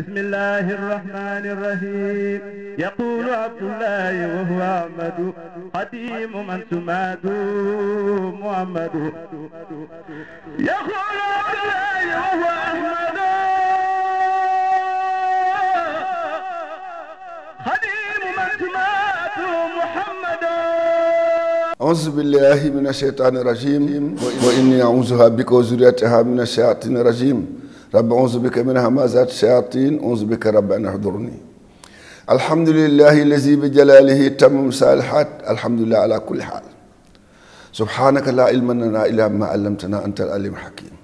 بسم الله الرحمن الرحيم يقول عبد الله وهو أحمد قديم من سماد محمد يقول عبد الله وهو أحمد قديم من سماد محمد أعوذ بالله من الشيطان الرجيم وإني أعوذها بك وزريتها من الشياطين الرجيم رب أعوذ بك من همزات الشياطين أعوذ بك رب أن أحضرني الحمد لله الذي بجلاله تم صالحات الحمد لله على كل حال سبحانك لا علم لنا إلا ما علمتنا أنت العليم الحكيم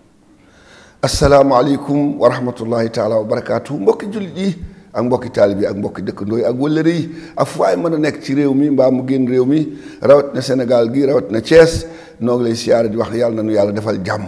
السلام عليكم ورحمة الله تعالى وبركاته مبكي جلدي ak mbokki taalibe yi ak mbokki dëkkandoo yi ak wëllëre yi ak fu waay mën a nekk ci réew mi mbaa mu génn réew mi rawat na Sénégal gi rawat na Thiès noo lay siyaare di wax yàlla na yàlla defal jàmm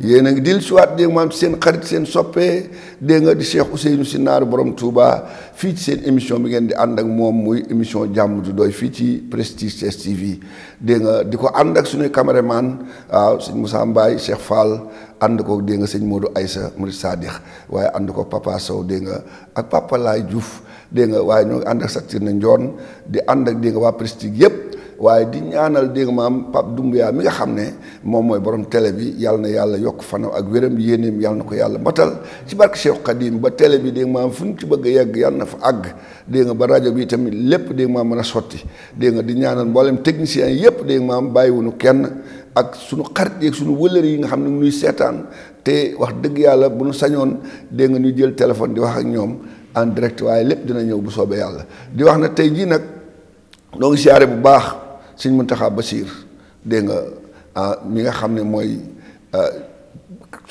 yéen a ngi dil siwaat dégg maam seen xarit seen soppee dégg nga di Cheikh Ousseynou Sy naaru borom Touba fii ci seen émission bi ngeen di ànd ak moom muy émission jàmm du doy fii ci Prestige TV dégg nga di ko ànd ak suñuy caméraman waaw sëñ musa Mbaye Cheikh Fall ànd ko dégg nga sëñ Modou Aïssa Mourid Sadikh waaye ànd ko Papa Sow dégg nga ak Papa Laye Diouf dégg nga waaye ñoo ànd ak Satirna Ndione di ànd ak dégg nga waa Prestige yëpp waaye di ñaanal dégg maam Pape Doumbia mi nga xam ne moom mooy boroom télé bi yàlla na yàlla yokk fanam ak wéram yéeneem yàlla na ko yàlla matal ci barke Cheikh Khadim ba télé bi dégg maam fu ñu ci bëgg a yegg na fa àgg dégg nga ba rajo bi tamit lépp dégg maam mën a sotti dégg nga di ñaanal mboolem technicien yëpp dégg maam bàyyiwuñu kenn ak sunu xarit yeeg sunu wëllër yi nga xam ne ñuy seetaan te wax dëgg yàlla bu nu sañoon dégg nga ñu jël téléphone di wax ak ñoom en direct waaye lépp dina ñëw bu soobee yàlla di wax na tey jii nag noo ngi siyaare bu baax sëñ Muntaxa Basiir dégg nga ah, mi nga xam ne mooy ah,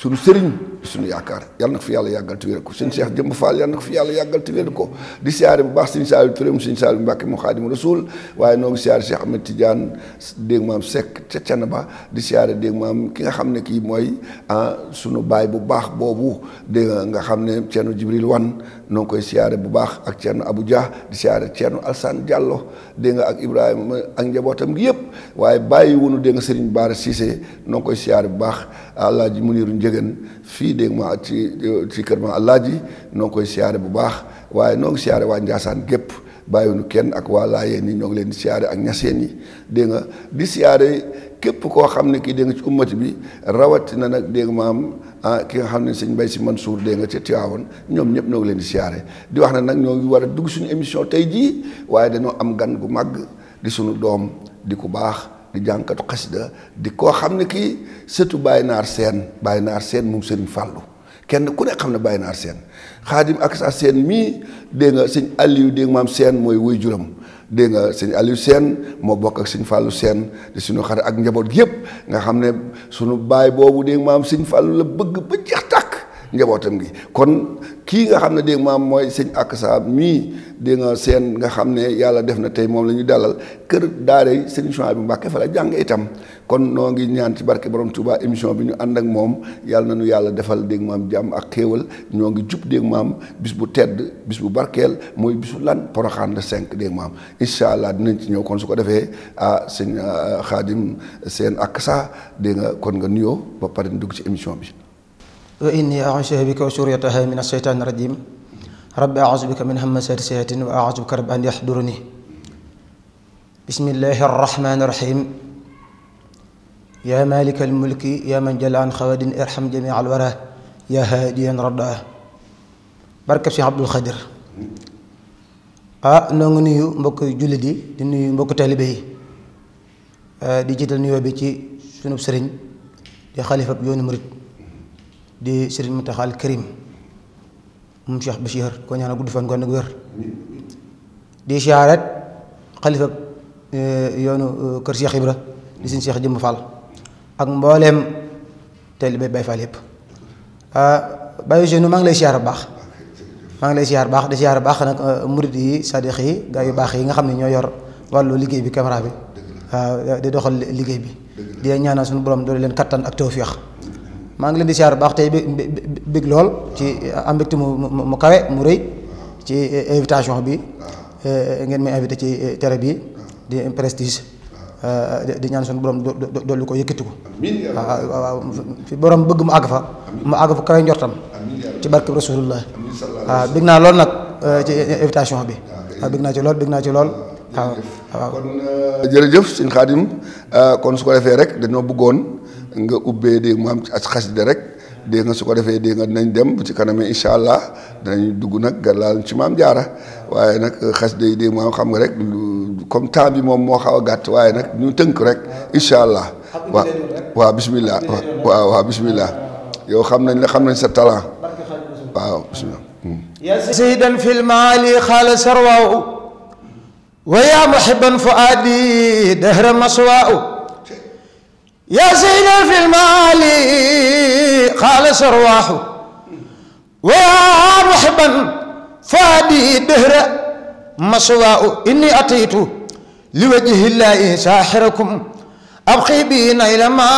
sunu sëriñ suñu yaakar yalla na fi yalla yagal te wér ko sëñ Cheikh Jëmb Fall yalla na fi yalla yagal te ko di siyaare bu baax sëñ Saliou Touré mu sëñ Saliou Mbacke mu Xaadimu Rasuul waaye noo siyaare Cheikh Ahmed Tidiane mam sek ci ca ba di siyaare deg mam ki nga xamne ki moy ah suñu baay bu baax bobu de nga xamne ne Jibril Wan noo koy siyaare bu baax ak Ceerno Abou di siyaare Ceerno alsan Diallo de nga ak ibrahim ak njabotam gi yep waye bàyyi wunu de nga Serigne bar Cissé noo koy siyaare bu baax ji munirun jegen fii dégg ma ci ci kër ma ji noo ngi koy siyaare bu baax waaye noo ngi siyaare waa Njaasaan gépp nu kenn ak waa Laayeen ni ñoo ngi leen di siyaare ak ñaseen yi dégg nga di siyaare képp koo xam ne kii dégg nga ci ummati bi rawatina nag dégg nga maam ah, ki nga xam ne sëñ Mbay Si Mansuur dégg nga ca Tiwaawoon ñoom ñëpp ñoo ngi leen di siyaare di wax ne nag ñoo ngi war a dugg suñu émission tey jii waaye dañoo am gan gu mag di suñu doom di ku baax di jànkatu xasida di koo xam ne kii sëtu Baye Naar Seen Baye Naar Seen moom Serigne Fallou kenn ku ne xam ne Baye Naar Seen xaadim ak sa seen mii dégg nga sëñ Aliou dégg maam Seen mooy wuy juróom dégg nga sëñ Aliou Seen moo bokk ak sëñ fàllu Seen di suñu xare ak njaboot yëpp nga xam ne suñu baay boobu dégg maam sëñ Fallou la bëgg ba jeex njabootam gi kon kii nga xam ne dégg maam mooy sëñ ak saa mii dégg nga seen nga xam ne yàlla def na tey moom la ñuy dalal kër daara sëñ Souhaïbou Mbacké fa la jàng itam kon noo ngi ñaan barke borom Touba émission bi ñu ànd ak moom yàlla na nu yàlla defal dégg jàmm ak xéewal ñoo ngi jub dégg maam bis bu tedd bis bu barkeel mooy lan poroxaan la cinq dégg incha allah dinañ ci ñëw kon su ko defee ah sëñ xaadim ak saa dégg nga kon nga nuyoo ba pare dugg ci émission bi. وإني أعوذ بك وشريتها من الشيطان الرجيم رب أعوذ بك من هم الشياطين وأعوذ بك رب أن يحضرني بسم الله الرحمن الرحيم يا مالك الملك يا من جل عن خواد ارحم جميع الورى يا هاديا رضا بارك في عبد الخدر ا نغ نيو مبوك جولدي دي نيو مبوك طالبي ا دي جيتال نيو بي سي سونو سيرن دي خليفه يوني مريد di sëriñ Muntaxa al Karim moom Cheikh Bachir ko ñaanal gudd fan ko nag wér di siyaaret xalifa e, yoonu e, kër Cheikh Ibra di sëriñ Cheikh Jëmb Fall ak mbooleem taalibe Baay Faal yépp Baye Ousseynou maa ngi lay siyaar baax maa ngi lay siyaar baax di siyaar baax nag e, murid yi sadiq yi gaa yu baax yi nga xam ne ñoo yor wàllu liggéey bi caméra bi waaw di doxal liggéey bi di ñaanal suñu borom doole leen kattan ak tawfiix maa ngi leen di siyaar baax tey bi bég lool ci am mbégte mu mu kawe mu rëy ci e, invitation bi e, ngeen may invité ci tere bi di prestige e, di ñaan suñu borom dolli ko yëkkati ko waaw fi borom bëgg mu àgg fa mu àgg fa kawe njortam ci barke bi rasulullah waaw bég naa lool nag ci invitation bi ah, waaw naa ci lool bég naa ci lool waaw waaw kon euh, jërëjëf sëñ Xaadim euh, kon su ko defee rek dañoo bëggoon nga ubbe de mu am ci xass de rek de nga suko defé de nga nañ dem ci kanam inshallah dañu dugg nak galal ci mam jaara waye nak xass de de mu am xam nga rek comme temps bi mom mo xaw gatt waye nak ñu teunk rek inshallah wa waa bismillah wa wa bismillah yo xam nañ la xam nañ sa talent hmm. ya wa bismillah يا زيدا في المال خال سرواه ويا محبا فؤادي دهر مصواه يا زينب المالي خالص ارواحه ويا محبا فادي دهر مصواء إني أتيت لوجه الله ساحركم أبقي بين إلى ما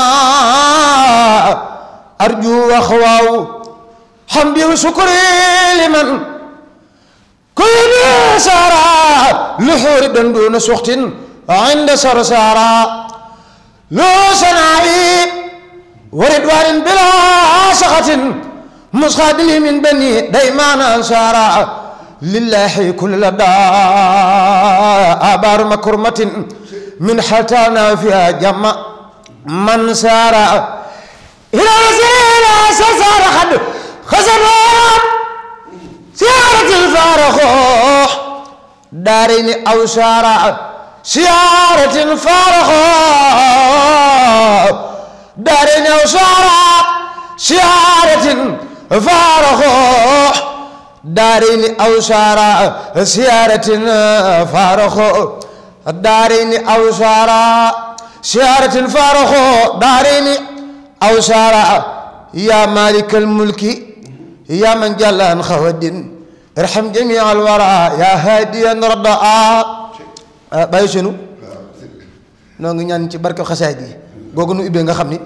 أرجو أخواه حمدي وشكري لمن كل سارة لحور دون سخت عند سرسارة له وردوان بلا سخط مسخدل من بني ديمان أنصارا لله كل لدى أبار مكرمة من حتانا فيها جمع من سارا إلى رسول سرسار خد خسر سيارة الفارخ دارين أو سارا سيارة فرحة دارين أو وسارة سيارة فرحة دارين أو وسارة سيارة فرحة دارين أو وسارة سيارة فرحة دارين أو وسارة يا مالك الملك يا من جلان خوادين ارحم جميع الورى يا هادي الرضا Ah, bayu senu no ngi ñaan ci barke xassay gi gogu nu ibe nga xamni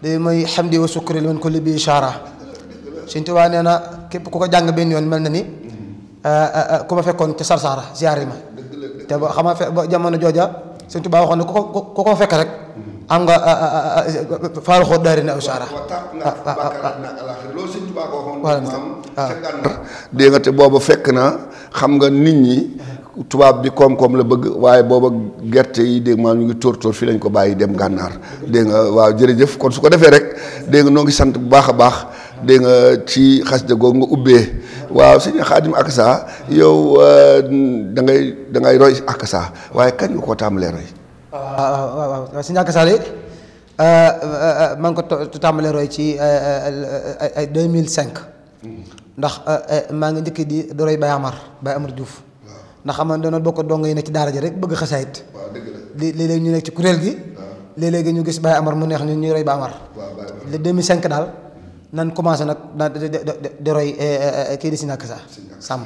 day may hamdi wa shukri man kulli bi ishaara Sëñ Tuubaa neena kep ku ko jang ben yoon melna ni euh ah, ah, kuma fekkoon ca sarsaara sara ziarima te ba xama fe ba jamono jojja Sëñ Tuubaa waxoon ne ku ko ko fekk rek am nga faal xool daari na ishaara voilà dégg nga te bobu fekk na xam nga nit ñi tubaab bi koom-koom la bëgg waaye booba gerte yi dégg maa ñu ngi tóor tóor fii lañ ko bàyyi dem gànnaar dégg nga waaw jërëjëf kon su ko defee rek dégg nga noo ngi sant bu baax a baax dégg nga ci xasida googu nga ubbee waaw sëñ Xaadim Akasa yow euh, da waaye kañ nga koo tàmbalee roy. waaw waaw waaw sëñ euh, euh, ko tàmbalee roy ci ay mille cinq mm-hmm. ndax maa ngi njëkk di roy Baye Amar Baye Amar Diouf. ndax xam nga dañoo bokk dong yi ne ci daara ji rek bëgg xasaayit li léeg-léeg ñu nekk ci kuréel gi ah. léeg ñu gis Baye Amar mu neex ñu ñuy roy Baye Amar le cinq daal nan commencé nag da di roy eh, eh, eh, kii di si nakasa sàmm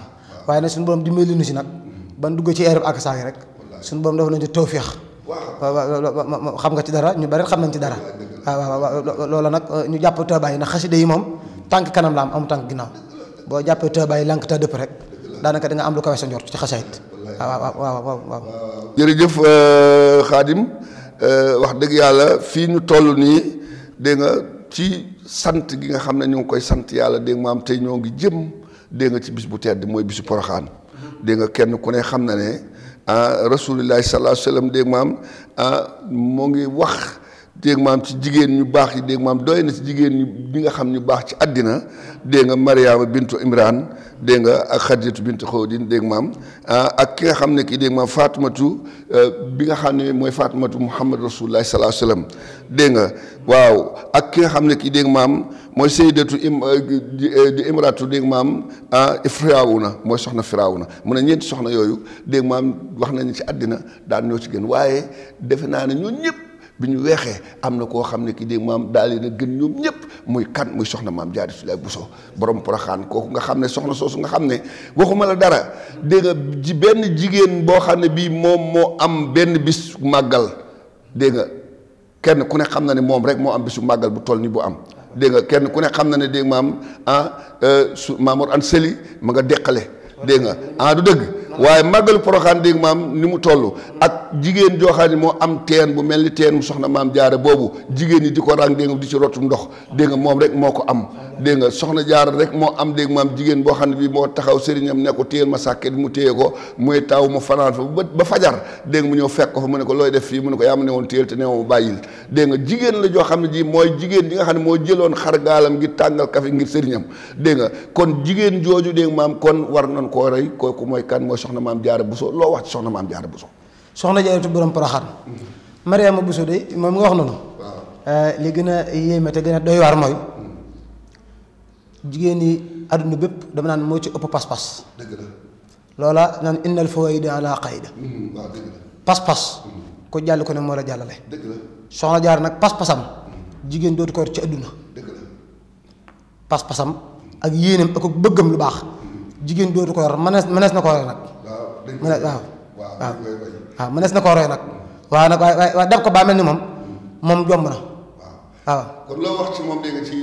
waaye nag suñu borom dimbali nu si nag mm-hmm. ban dugg ci eereb akasa gi rek suñu borom dafa nañu ci tawféex xam nga ci dara ñu bari xam nañ ci dara waaw waaw loola nag euh, ñu jàpp tëbaay ndax xaside yi moom tànk kanam la am amu tànk ginnaaw boo jàppee tëbaay lank ta dëpp rek daanaka da nga am lu kawe sa njort ci xasaayit waaw waaw waaw waaw jërëjëf xaadim euh, euh, wax dëgg yàlla fii ñu toll nii dégg nga ci sant gi nga xam ne ñu ngi koy sant yàlla dégg nga maam tey ñoo ngi jëm dégg nga ci bis bu tedd mooy bisu poroxaan de nga kenn ku ne xam ne ah rasulillahi sallallahu alayhi wa sallam dégg maam ah moo ngi wax dégg maam ci jigéen ñu baax yi dégg maam doy na ci jigéen ñi nga xam ñu baax ci àddina dégg nga Mariama bintu Imran dégg ak Xadijatu bintu Xawdin dégg maam ah, ak ki nga xam ne ki dégg maam Fatimatu eh, bi nga xam ne mooy Fatimatu Muhammad Rasulullah sallallahu alayhi wasallam dégg nga waaw ak ki nga xam ne ki dégg maam mooy Sayyidatu im eh, eh, di imratu dégg maam ah, Firawna mooy soxna na mu ne ñeenti soxna yooyu dégg maam wax nañu ci àddina daan ñoo ci gën waaye defe naa ne ñoo ñëpp. biñu wéxé amna am xamné ne ki dé maam daal na gën ñoom ñëpp muy kan muy soxna maam jaar fi lay buso borom poroxaan koku nga xamné soxna soso nga xamné waxuma la dara dé nga ji bénn jigéen bo xamné ne mom mo am bénn bis magal, dé nga kenn ku ne xamna na ne rek mo am bisu magal bu toll ni bu am de nga kenn ku ne xamna na ne mam ah euh, su mamour an seli ma nga deqale dégg nga ah du dëgg waaye màggalu poroxaan dégg maam ni mu toll ak jigéen joo xam ne moo am teen bu mel ni teen mu soxna maam jaare boobu jigéen ñi di ko rang dégg di ci rotum ndox dégg moom rek moo ko am dégg nga soxna jaara rek moo am dégg maam jigéen boo xam ne bi moo taxaw sëriñam ne ko téyel ma sàkket mu téye ko muy taw mu fanaan fa ba fajar dégg mu ñëw fekk fa mu ne ko looy def fii mu ne ko yaa ne woon téyel te ne ma bàyyil dégg nga jigéen la joo xam ne ji mooy jigéen ji nga xam ne moo jëloon xar gaalam ngir tàngal kafe ngir sëriñam dégg kon jigéen jooju dégg maam kon war nañ koo rey kooku mooy kan mooy soxna maam jaara Bousso loo wax ci soxna maam jaara Bousso soxna jaaratu borom Poroxaan Mariama Bousso de moom nga wax noonu eh, li gën a yéeme te gën a doy mooy jigéen yi àdduna bépp dama naan moo ci ëpp pas-pas loola naan innal fawaida ala qaida mm-hmm. pas-pas mm-hmm. ku jàll ko ne moo la jàllale soxna jaar nag pas-pasam mm-hmm. jigéen dootu ko ci àdduna pas-pasam ak yéenam ak bëggam lu baax jigen do ko yor manes manes nako yor nak nag. waaw waaw waaw ah, mënees na roy nag. waaw nag waaye def ko ba melni mom mom jom na. waaw ah. kon lo wax ci mom de nga ci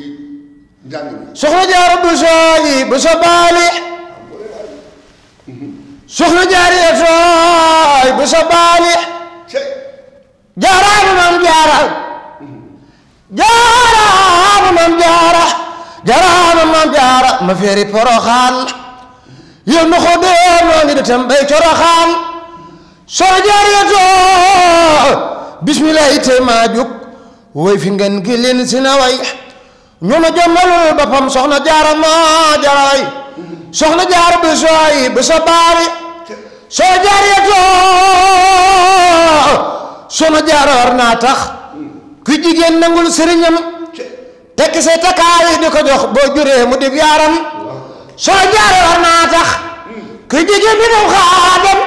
jang mi. soxna jaar bu sooyi bu sabali baali. soxna jaar ya sooy bu sa baali. jaaraabu maam jaara. jaaraabu maam jaara. mom maam jaara ma feri poroxaan. yëg na ko dee ngi di tem bay coroxaan soo jaar yetoo bismillahi tey maa jug fi ngeen gi lin si na way ñu ma jommalul boppam jaar bi sooy jaar war naa tax ku jigéen nangul sëriñam tekki say takkaay di ko jox boo juree mu dib yaaram soo jaaree war naa tax ku jege bi nu xaadam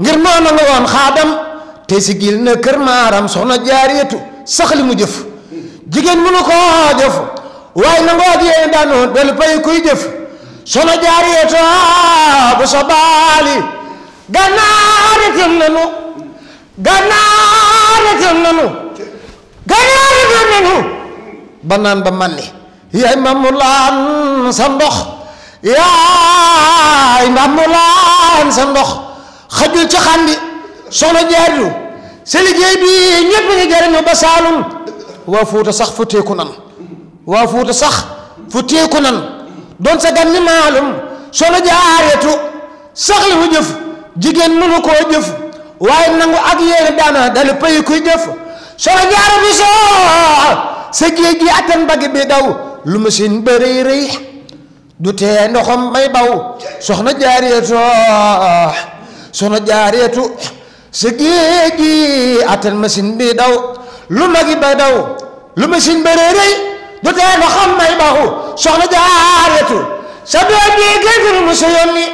ngir moom a nga xaadam te sigil na kër maaram soxna jaariyatu sax li mu jëf jigéen mënu ko jëf waaye nangoo jee danu delu pay kuy jëf soxna jaariyatu ah, bu sa baali gannaare tëm nanu gannaare tëm nanu gannaare tëm nanu ba naan ba manni yaay mamulaan sa ndox yaay ndam laan sa ndox xajul ci xandi soxna jaaridu sa liggéey bi ñëpp ngi waa fuuta sax fu teeku nan waa fuuta sax fu teeku nan doon sa gan maalum soxna jaaretu sax li mu jëf jigéen mënu koo jëf waaye nangu ak yéene daana dale pay kuy jëf soxna jaare bi soo sa géej gi attan bi daw lu ma seen bërëy rëy du tee ndoxam may baw soxna jaariyatu soxna jaariyatu sa géej gi attan machine bi daw lu magi ba daw lu machine ba rëy rëy du tee ndoxam may baw soxna jaariyatu sa doom bi géejul mu sa yónni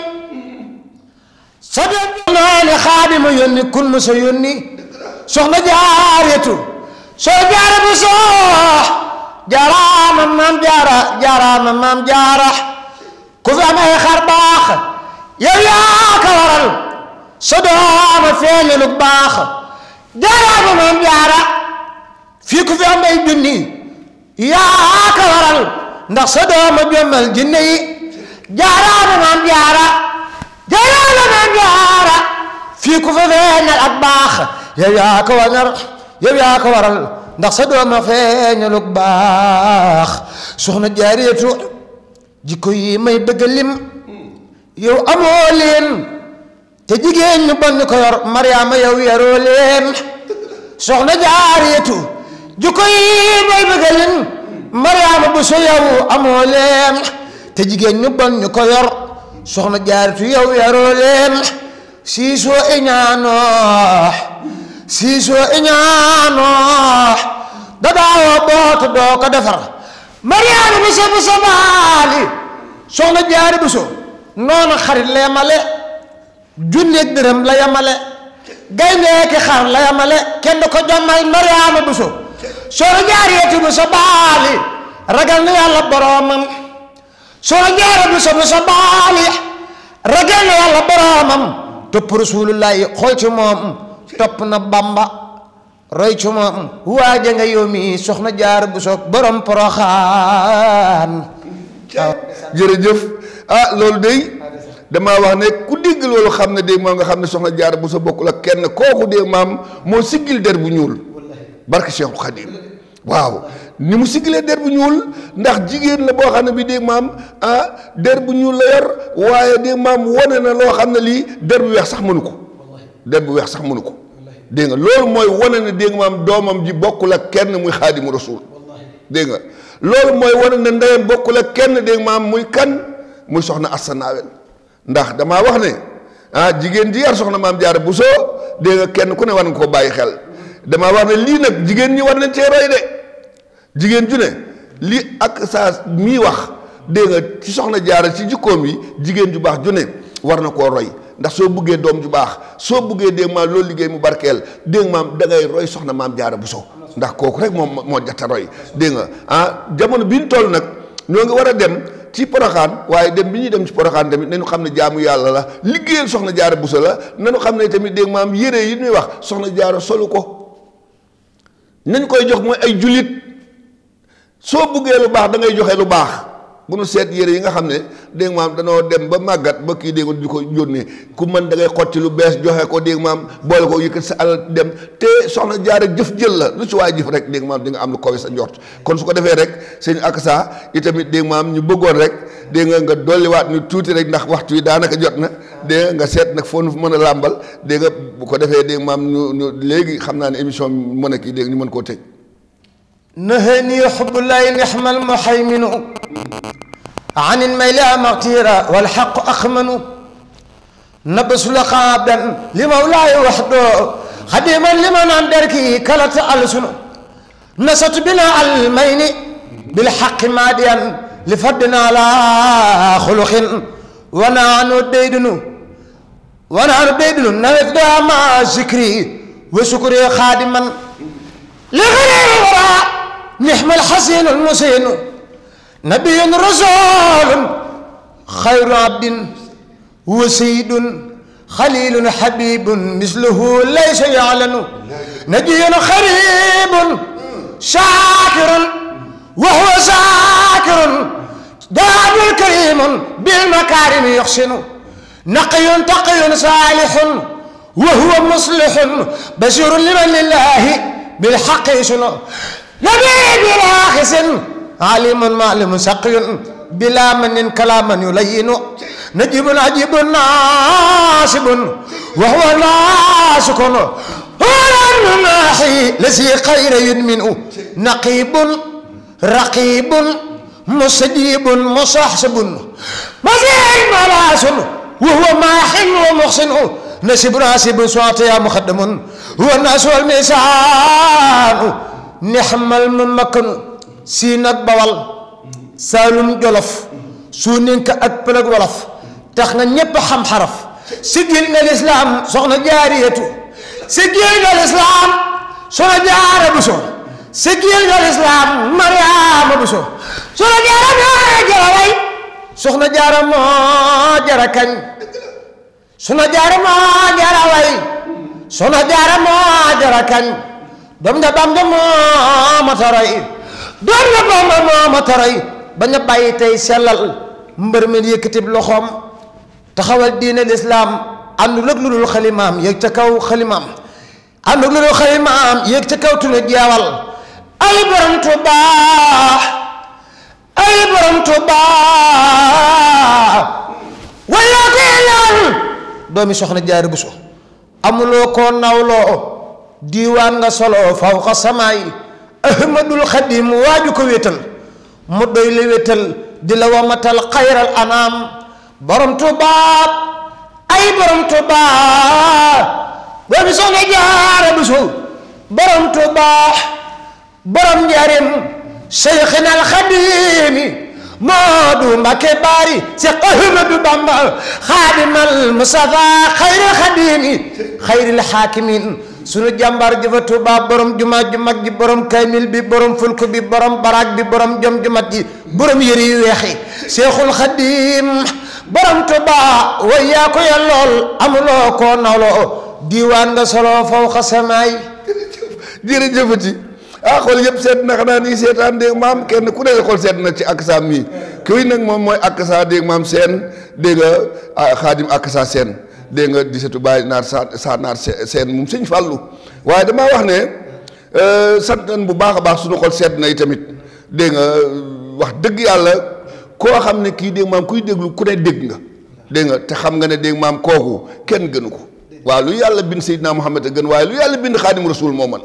sa doom bi naa ne xaadima yónni kun mu sa yónni soxna jaariyatu soo jaare bu soox جرا مم جرا جرا مم جرح كفنا خرباخ يرياك ورل صدام فين لقباخ جرا مم جرا في كفنا بيدني ياك ورل نصدام بيوم الجني جرا مم جرا جرا مم جرا في الأقباخ يا يا يرياك يا يا ورل ndax sa doom feñu lu bax soxna jariyatu jikko yi may beugalim yow amoo leen te jigéen ñu bon ko yor Mariama yow yaro leen soxna jariyatu jikko yi may beugalim lim bu so yow amoo leen te jigéen ñu bon ñu ko yor soxna jariyatu yow yaroo leen siisoo iñaanoo siiso iñaanoo dadaawoo bootu doo ko defar mariyaama buso buso maali soxna jaari buso noonu xarit la yamale junneeg dërëm la yamale gayndeeki xar la yamale kenn du ko jommal mariyaama buso soxna jaariyati buso baali ragal na yàlla boroomam soxna jaari buso buso baali ragal na yàlla boroomam topp rasulullahi xool ci moom Top na bamba roy chuma moom nga yomi soxna jaar bu sok borom jere jeuf ah loolu day dama wax ne ku deg loolu xamne de mo nga xamne soxna jaar bu so bokkul la kenn kokku de mam mo sigil der bu ñuul barke Cheikh Khadim waaw ni mu sigile der bu ñuul ndax la bo xamne bi de mam ah der bu ñuul la yor waye de mam wane na xamne li der bu wex sax mënuko der bu wex sax mënuko dégg nga loolu mooy wane ne dégg nga maam doomam ji bokkul ak kenn muy xaadimu rasul dégg nga loolu mooy wane ne ndeyam bokkul ak kenn dégg maam muy kan muy soxna Assa ndax damaa wax ne ah jigéen ji yar soxna maam Jaara Buso dégg nga kenn ku ne war nga koo bàyyi xel damaa wax ne lii nag jigéen ñi war nañ cee roy de jigéen ju ne lii ak saa mii wax dégg nga ci soxna jaara ci jikkoom yi jigéen ju baax ju ne war na koo roy ndax soo buggee doom ju baax soo buggee dégg maam loolu liggéey mu barkeel dégg maam da ngay roy soxna maam jaara buso ndax kooku rek moom moo jata roy dégg ah jamono bi ñu toll nag ñoo ngi war a dem ci poroxaan waaye dem bi ñuy dem ci poroxaan tamit nañu xam ne jaamu yàlla la liggéeyal soxna jaara buso la nañu xam ne tamit dégg maam yére yi ñuy wax soxna jaara solu ko nañ koy jox mooy ay jullit soo buggee lu baax dangay joxe lu baax bu nu seet yére yi nga xam ne dégg maam danoo dem ba màggat ba kii dégg di ko yónnee ku mën da ngay xotti lu bees joxe ko dégg maam boole ko yëkkat sa alal dem te soxna jaare jëf jël la lu ci waay jëf rek dégg maam di nga am lu kawe sa njort kon su ko defee rek sëñ ak saa itamit dégg maam ñu bëggoon rek dégg nga nga dolliwaat ñu tuuti rek ndax waxtu yi daanaka jot na dégg nga seet nag foo nu mën a làmbal dégg bu ko defee dégg maam ñu ñu léegi xam naa ne émission mën a kii dégg ñu mën koo نهني حب الله يحمل محيمن عن الميلاء مغتيرا والحق أخمن نبس لقابا لمولاي وحده خديما لمن عندك كلت ألسن نست بنا المين بالحق ماديا لفدنا على خلق ونحن ديدن ونحن ديدن نفدا مع ذكري وشكري خادما لغير الله نحمل حسين المسين نبي رسول خير عبد وسيد خليل حبيب مثله ليس يعلن نبي خريب شاكر وهو ذاكر داب كريم بالمكارم يحسن نقي تقي صالح وهو مصلح بشير لمن لله بالحق شنو نبي بلا خس عالم معلم سقي بلا من كلام يلين نجيب نجيب ناسب وهو ناسك ولن ناحي لسي خير من نقيب رقيب مستجيب مصحسب مزيد ملاس وهو ماحن ومحسن نسب ناسب صوت يا مخدم هو الناس والميسان نحمل من مكن سينك بوال سالم جلف سونينك أكبرك بلف تخنا نيب حم حرف سجلنا الإسلام صغنا جاريته سجلنا الإسلام صغنا جارة بسو سجلنا الإسلام مريام بسو صغنا جارة جارة صغنا جارة ما جارة كن صغنا جارة ما جارة صغنا جارة ما جارة كن doom nga Bamba moo ma taray doom nga Bamba moo ma taray ba nga bàyyi tey sellal mbër mi yëkkatib loxoom taxawal diine lislaam àndul ak lu dul xalimaam yëg ca kaw xalimaam àndul ak lu dul xalimaam yëg ca kaw tunu jeewal ay borom Tuuba ay borom Tuuba walla ko yellaan doomi soxna Jaara Buso amuloo koo nawloo diiwaan nga solo fawqa samaay ahmadul xadim waaju ko wéetal mu doy la wéetal di la wamatal xayral anaam borom tubaab ay borom tubaab doomi soxna jaara bu sow borom tubaab borom njaarim seyxina al xadimi moodu mbakke baari si ahmadu bamba xaadimal mustafa xayril xadimi xayril xaakimin sunu jàmbaar jëfa Tuubaa borom jumaa ju mag ji borom kaymil bi borom fulku bi borom baraag bi borom jom ju mat ji borom yëri yu weex yi Seexul Xadiim borom Tuubaa way yaa ko yellool amuloo koo nawloo diiwaan nga solo faw xasamaay jërëjëfati ah xool yëpp sedd na xanaa nii seetaan dégg maam kenn ku ne xool seet na ci aksa mii kuy nag moom mooy aksa dégg maam seen dégg nga ah, xaadim aksa seen dégg nga di setu bàyyi naar sa saa naar seen moom sëñ fàllu waaye damaa wax ne euh, sant nañ bu baax a baax suñu xol seet na yi tamit dégg nga wax dëgg yàlla koo xam ne kii dégg maam kuy déglu ku ne dégg nga dégg nga te xam nga ne dégg maam kooku kenn gënu ko waaw lu yàlla bind Seydina Muhammad a gën waaye lu yàlla bind Xaadim Rasul moo man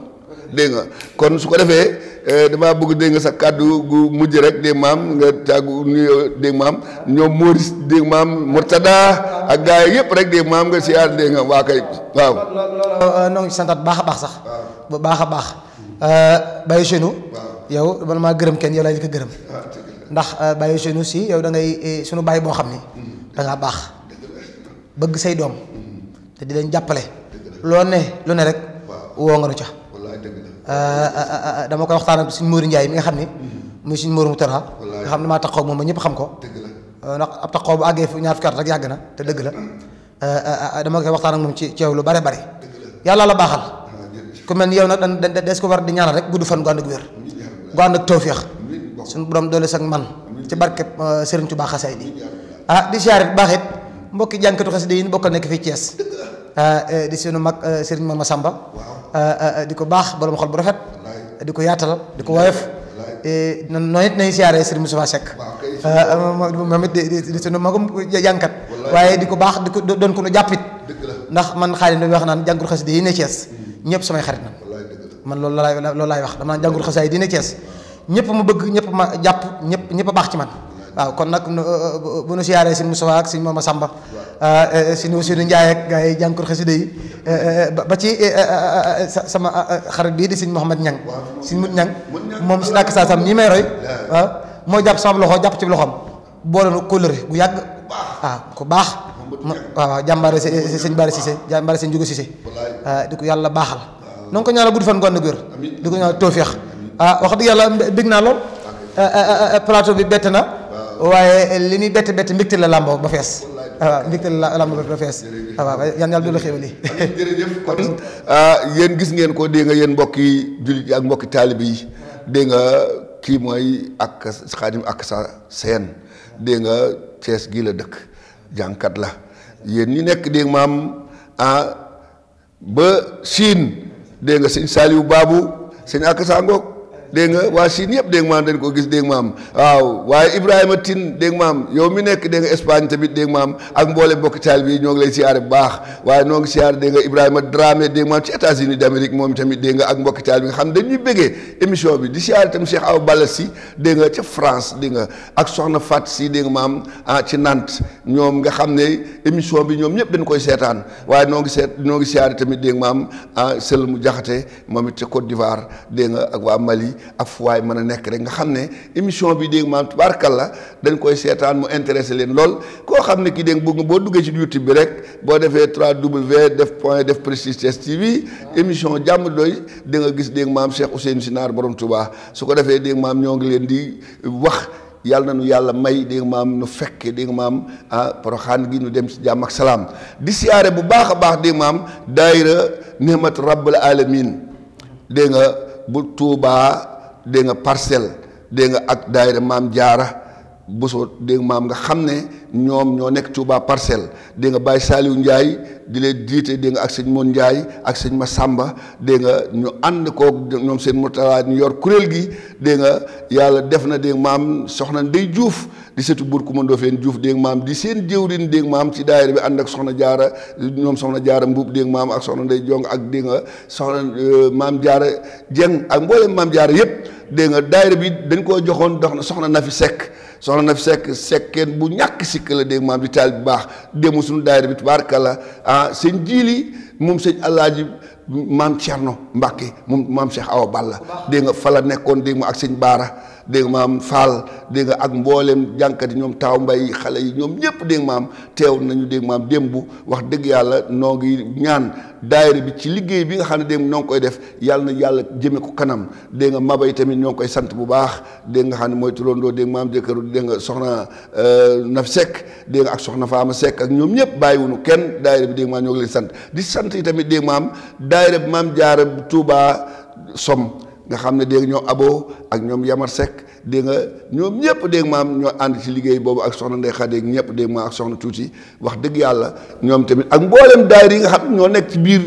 dégg nga kon su ko defee eh, dama bëgg dégg sa kàddu gu mujj rek dégg mam nga tagu nuyo dégg mam ñom Maurice dégg mam Murtada ak gaay yépp rek dégg mam nga siyaar dégg wa kay waaw. non ci santat baax baax sax. bu baax euh Baye Cheinou. yow man ma gërëm ken yow lay ko gërëm. Ah, ndax eh, Baye Cheinou si yow da ngay eh, suñu baye bo xamni mm. da nga baax. bëgg say dom mm. te di leen jappalé lo ne lu ne rek. wo nga nu ca. Eh, eh, eh, dama ko waxtaan ak seigne Mourou Ndiaye mi nga xamni ni muy suñu Mourou Moutara nga xamni ma taxaw mom ñepp xam ko nak ab taxaw bu agge fu ñaar fukki at rek yàgg na te deug la dama koy waxtaan ak mom ci ceew lu bare bare yalla la baxal ah, ku melni yow nak des ko war di ñaanal rek gudd fan gu ànd ak wér gu ànd ak tawféex suñu borom dole sak man ci barke Serigne Touba khassay di ah di ziarit baxit it mbokki jànkatu xasida yi bokkal nekk fii Thiès Eh, eh, di seenu mag eh, sëriñ ma Samba di ko baax ma xol bu rafet di ko yaatal di ko woyof noonu it nañ siyaaree sëriñ Moustapha Seck moom it di seenu magum jànkat waaye di ko baax di ko doon ko nu jàppit ndax man xaalis nu wax naan jàngul xasida yi ne Cees hmm. ñëpp samay xarit na man loolu laay loolu laay wax dama naan jàngul xasida yi di ne Cees ñëpp ma bëgg ñëpp ma jàpp ñëpp ñëpp baax ci man waaw kon nak euh, euh, bu nu siaré sin Moussa ak sin Mama Samba euh, sinu sinu ndjay ak gaa jankur yi ba ci sama xarit bi di sin Muhammad Ñang sin mut Ñang mom ci nak saa sam ñi may roy waaw mo japp sam loxo japp ci loxoom boolenu kóllëre gu yag ah ku baax waaw waaw jàmbaare bari Bara Cissé jàmbaare sëñ Jóga Cissé ah, di ko yàlla baaxal ko ñala gudufan diko ñala ah wax ah, ah, plateau bi betena waaye li muy bett bett mbégte la làmboo ba fees waaw mbégte la làmboo ba fees waaw yan yàlla du la xéwal yi jërëjëf kon ah, yéen gis ngeen ko dégg nga yéen mbokki jullit yi ak mbokki taalibe yi dégg nga kii mooy ak Khadim ak sa seen dégg nga Cees gii la dëkk jànkat la yéen ñu nekk dégg maam ah ba Chine dégg nga sëñ Saliou Babou ak sa ngoog dégg nga waa Chine yëpp dégg maam dañ ko gis dégg maam waaw waaye Ibrahima Tine dégg maam yow mi nekk dégg nga Espagne tamit dégg maam ak mboole mbokk taal bi ñoo ngi lay siyaare bu baax waaye ñoo ngi siyaare dégg nga Ibrahima Dramé dégg maam ci moom tamit dégg nga ak mbokk taal bi nga xam bi di siyaare tam Cheikh Awa Balla si dégg nga France dégg nga ak Soxna Fat si dégg maam ah ci Nantes ñoom nga xam ne émission bi ñoom ñëpp dañ koy seetaan waaye ñoo ngi seet ñoo ngi siyaare tamit dégg maam ah Sël mu Jaxate moom it ca Côte d'Ivoire dégg nga ak waa Mali ak fu waay mën rek nga xam émission bi dégg maam tubaarkalla dañ koy sétane mu intéressé len lool ko xam ki kii dégg bëgg bo duggé ci YouTube bi rek bo défé 3W def point def Prestige TV émission jamm doy di nga gis dégg maam Cheikh Ousseynou sinar borom Touba su ko défé dégg maam ñoo ngi leen di wax yalla nu yalla may dégg maam nu fekke dégg maam ah proxan gi nu dem ci jamm ak salam di siaré bu baaxa baax dégg nga maam daaira nehmat rabbal alamin dégg nga bu Touba de nga parcel de nga ak daire mam jaara Bousso dégg maam nga xam ne ñoom ñoo nekk Touba parcelle dégg nga Baye njaay di leen jiite dégg ak sëñ moon Ndiaye ak sëñ Massamba dégg nga ñu ànd koog ñoom seen motalaat ñu yor kuréel gi dégg nga yàlla def na dégg maam soxna Ndey Diouf di setu buur ku mandoo feen Diouf dégg maam di seen jëwriñ dégg maam ci daayira bi ànd ak soxna Jaara ñoom soxna Jaara mbub dégg maam ak soxna Ndey Jong ak dégg nga soxna euh, maam Jaara Jeng ak mbooleem maam Jaara yëpp dégg nga daayira bi dañ koo joxoon dox na soxna Nafi Seck soxna na fi sekk sekkeen bu ñàkk sikk la dégg maam di taal bu baax démb suñu daayira bi tubaarkalla ah sëñ jiili moom sëñ alaaji maam Cerno Mbàkke moom maam Cheikh Awa Balla dégg nga fa la nekkoon dégg ma ak sëñ Baara dégg nga maam Fall dégg ak mbooleem jànkat yi ñoom taaw mbay xale yi ñoom ñëpp dégg nga maam teew nañu dégg nga maam démb wax dëgg yàlla noo ngi ñaan daayira bi ci liggéey bi nga xam ne dégg nga noo koy def yàlla na yàlla jëme ko kanam dégg nga mabay tamit ñoo koy sant bu baax dégg nga xam ne mooy tulandoo dégg nga maam jëkkëru dégg soxna Naf Seck dégg nga ak soxna Faama sekk ak ñoom ñëpp bàyyiwunu kenn daayira bi dégg nga maam ñoo ngi leen sant di sant yi tamit dégg nga maam daayira bi maam jaara Touba som nga xam ne dégg ñoom aboo ak ñoom Yamar Seck dégg nga ñoom ñëpp dégg maam ñoo ànd ci liggéey boobu ak soxna Ndeye Khady ñëpp dégg maam ak soxna tuuti wax dëgg yàlla ñoom tamit ak mboolem daayira yi nga xam ñoo nekk ci biir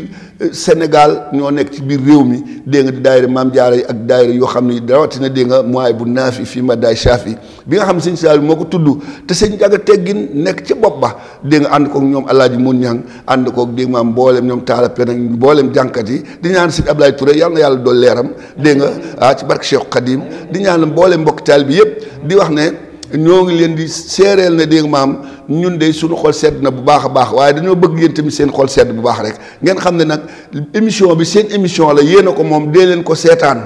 Sénégal ñoo nekk ci biir réew mi dégg nga di daayira maam jaara yi ak daayira yoo xam ne rawatina dégg nga mooy bu naafi fii ma daay saafi bi nga xam ne sëñ Saliou moo ko tudd te sëñ Ndiaga teggin nekk ci bopp ba dégg ànd kook ñoom Alaaji Mun Ñang ànd koog dégg maam mboolem ñoom taala pen ak mboolem jànkat yi di ñaan sëñ Ablaye Touré yal na yàlla doo leeram dégg nga ah ci barke Cheikh Khadim di ñaan mboolem mbokk taal bi yëpp di wax ne ñoo ngi leen di seereel na dégg nga ñun de suñu xol sedd na bu baax a baax waaye dañoo bëgg yéen tamit seen xol sedd bu baax rek ngeen xam ne nag émission bi seen émission la yéen a ko moom dee leen ko seetaan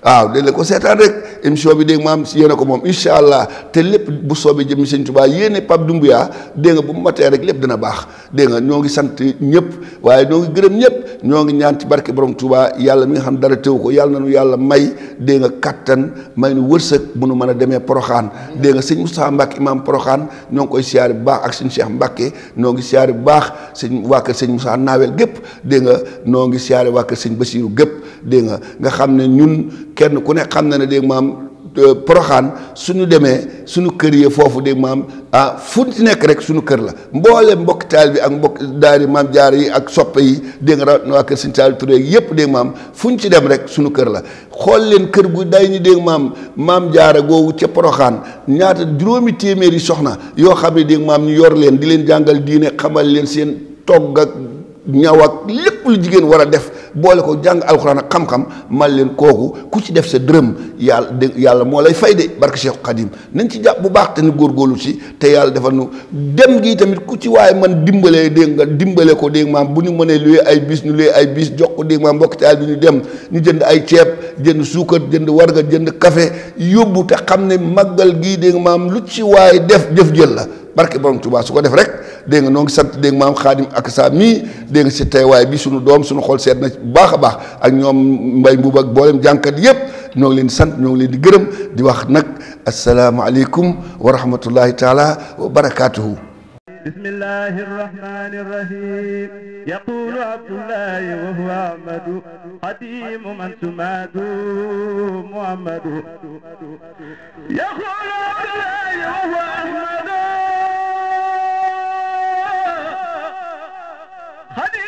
waaw dégg ko seetaan rek émission bi dégg nga maam yéen ko moom incha allah te lépp bu soobee jëm sëñ Tuubaa yéene Pape Doumbouya dégg nga bu mu matee rek lépp dina baax dégg nga ñoo ngi sant ñëpp waaye ñoo ngi gërëm ñëpp ñoo ngi ñaan ci barke borom Tuubaa yàlla mi nga xam dara teew ko yàlla na nu yàlla may dégg nga kattan may nu wërsëg bu nu mën a demee Poroxaan dégg nga sëñ Moustapha Mbacke imaam Poroxaan ñoo ngi koy siyaare bu baax ak sëñ Cheikh Mbacke ñoo ngi siyaare bu baax sëñ waa kër sëñ Moussa Naawel gépp dégg nga noo ngi siyaare waa kër sëñ Basiru gépp kenn ku ne xam na ne dégg maam euh, poroxaan suñu demee suñu kër yee foofu dégg maam ah fu nekk rek suñu kër la mboole mbokk taal bi ak mbokk daari maam jaar yi ak soppe yi dégg nga waa kër Sëñ Taal Touré yëpp dégg maam fu ci dem rek suñu kër la xool leen kër gu day dégg maam maam jaara googu ca poroxaan ñaata juróomi téeméer yi soxna yoo xam ne dégg maam ñu yor leen di leen jàngal diine xamal leen seen togg ak ñaw ak lépp lu jigéen war a def boole ko jàng alxuraan ak xam-xam man leen kooku ku ci def sa dërëm yàlla de yàlla moo lay fay de barke Cheikh Khadim nañ ci jàpp bu baax te ni góorgóorlu si te yàlla defal nu dem gi tamit ku ci waaye man dimbalee dégg nga dimbale ko dégg maam bu ñu mënee luwee ay bis ñu luwee ay bis jox ko dégg maam mbokk taal bi ñu dem ñu jënd ay ceeb jënd suukar jënd warga jënd kafe yóbbu te xam ne màggal gii dégg maam lu ci waaye def jëf jël la barke borom Tuubaa su ko def rek dégg nga noo ngi sant dégg maam Xaadim ak saa mii dégg nga si bi suñu doom suñu xol seet na baax baax ak ñom mbay mbub ak bolem jankat yépp ñoo ngi leen sant ñoo ngi leen di gërëm di wax nak assalamu alaykum wa rahmatullahi taala wa barakatuh بسم الله الرحمن الرحيم يقول عبد الله وهو عمد قديم من سماد محمد يقول عبد الله وهو عمد